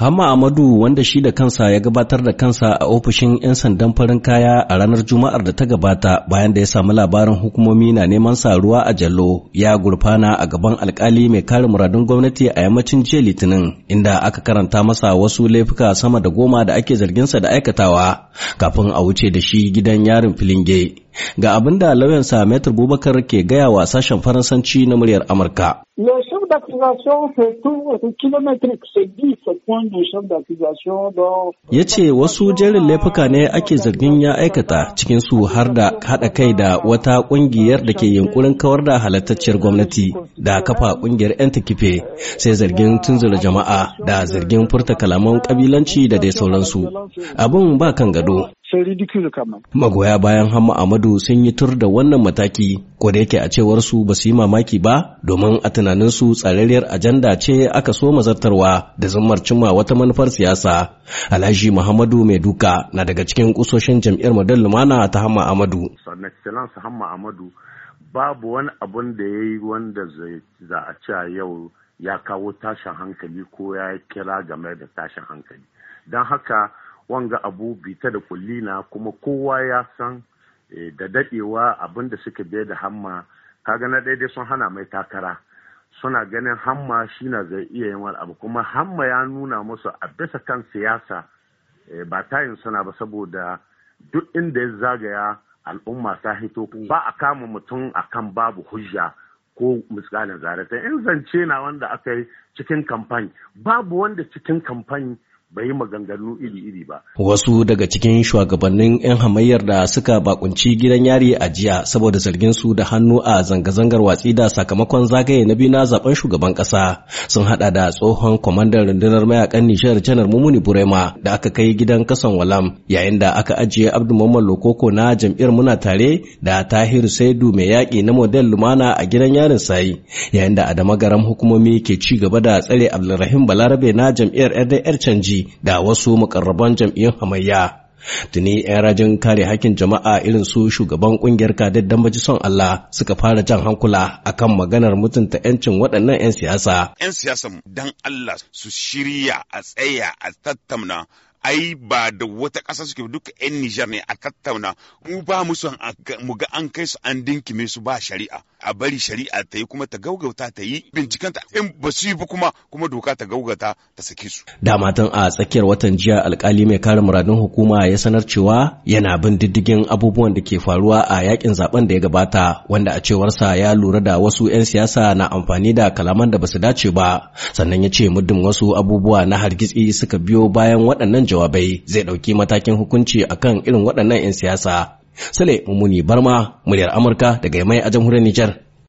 Hamma Amadu wanda shi da kansa ya gabatar da kansa a ofishin 'yan sandan farin kaya a ranar Juma'ar da ta gabata bayan da ya samu labarin hukumomi na neman sa ruwa a Jallo ya gurfana a gaban alkali mai kare muradun gwamnati a yammacin jiya Litinin inda aka karanta masa wasu laifuka sama da goma da ake zarginsa da aikatawa kafin a wuce da shi gidan yarin Filinge Ga abin da lauyan sa Maitre Bubakar ke gaya wa sashen Faransanci na muryar Amurka. Le chef Ya ce wasu jerin laifuka ne ake zargin ya aikata cikin su har da haɗa kai da wata ƙungiyar da ke yunkurin kawar da halattacciyar gwamnati da kafa ƙungiyar 'yan takife sai zargin tunzura jama'a da zargin furta kalaman kabilanci da dai sauransu. Abin ba kan gado. sai ridicule Magoya bayan Hamma Amadu sun yi tur da wannan mataki ko da yake a cewar su ba su yi mamaki ba domin a tunanin su tsararriyar ajanda ce aka so mazartarwa da zummar cimma wata manufar siyasa. Alhaji Muhammadu Maiduka na daga cikin kusoshin jam'iyyar Madal Lumana ta Hamma Amadu. Sannan Excellence Hamma Amadu babu wani abun da ya yi wanda za a ce yau ya kawo tashin hankali ko ya kira game da tashin hankali. Don haka wanga abu bita da kullina kuma kowa ya san eh, da dadewa abin da suka biya da hamma kaga na daidai sun hana mai takara suna ganin hamma shi na zai iya yin wani abu kuma hamma ya nuna musu a bisa kan siyasa eh, ba tayin suna ba saboda duk inda ya zagaya al'umma ta hito ba a kama mutum a kan babu hujja ko misalin zarata in zance na wanda aka yi cikin kamfani babu wanda cikin kamfani bai maganganu iri-iri ba. Wasu daga cikin shugabannin 'yan hamayyar da suka bakunci gidan yari a jiya saboda zargin su da hannu a zanga-zangar watsi da sakamakon zagaye na biyu na zaben shugaban kasa sun hada da tsohon kwamandan rundunar mayakan nishiyar janar mumuni burema da aka kai gidan kasan walam yayin da aka ajiye abdu lokoko na jam'iyyar muna tare da tahiru saidu mai yaƙi na model lumana a gidan yarin sayi yayin da adama garam hukumomi ke ci gaba da tsare abdulrahim balarabe na jam'iyyar rdr canji da wasu mukarraban jam'iyyun hamayya. Tuni 'yan rajin kare hakkin jama'a irin su shugaban kungiyar kadaddan son Allah suka fara jan hankula akan maganar mutunta 'yancin waɗannan 'yan siyasa. 'Yan siyasan dan Allah su shirya a tsaya a tattamna ai ba da wata ƙasa suke duka 'yan Nijar ne a tattauna mu ba mu son mu ga an kai su an dinkime su ba shari'a a bari shari'a ta yi kuma ta gaugauta ta yi binciken ta in ba su yi ba kuma kuma doka ta gaugauta ta saki su da matan a tsakiyar watan jiya alkali mai kare muradun hukuma ya sanar cewa yana bin diddigin abubuwan da ke faruwa a yakin zaben da ya gabata wanda a cewarsa ya lura da wasu 'yan siyasa na amfani da kalaman da ba su dace ba sannan ya ce muddin wasu abubuwa na hargitsi suka biyo bayan waɗannan jawabai zai ɗauki matakin hukunci akan irin waɗannan 'yan siyasa. Sule Mumuni Barma, muryar Amurka daga mai a jamhuriyar Nijar.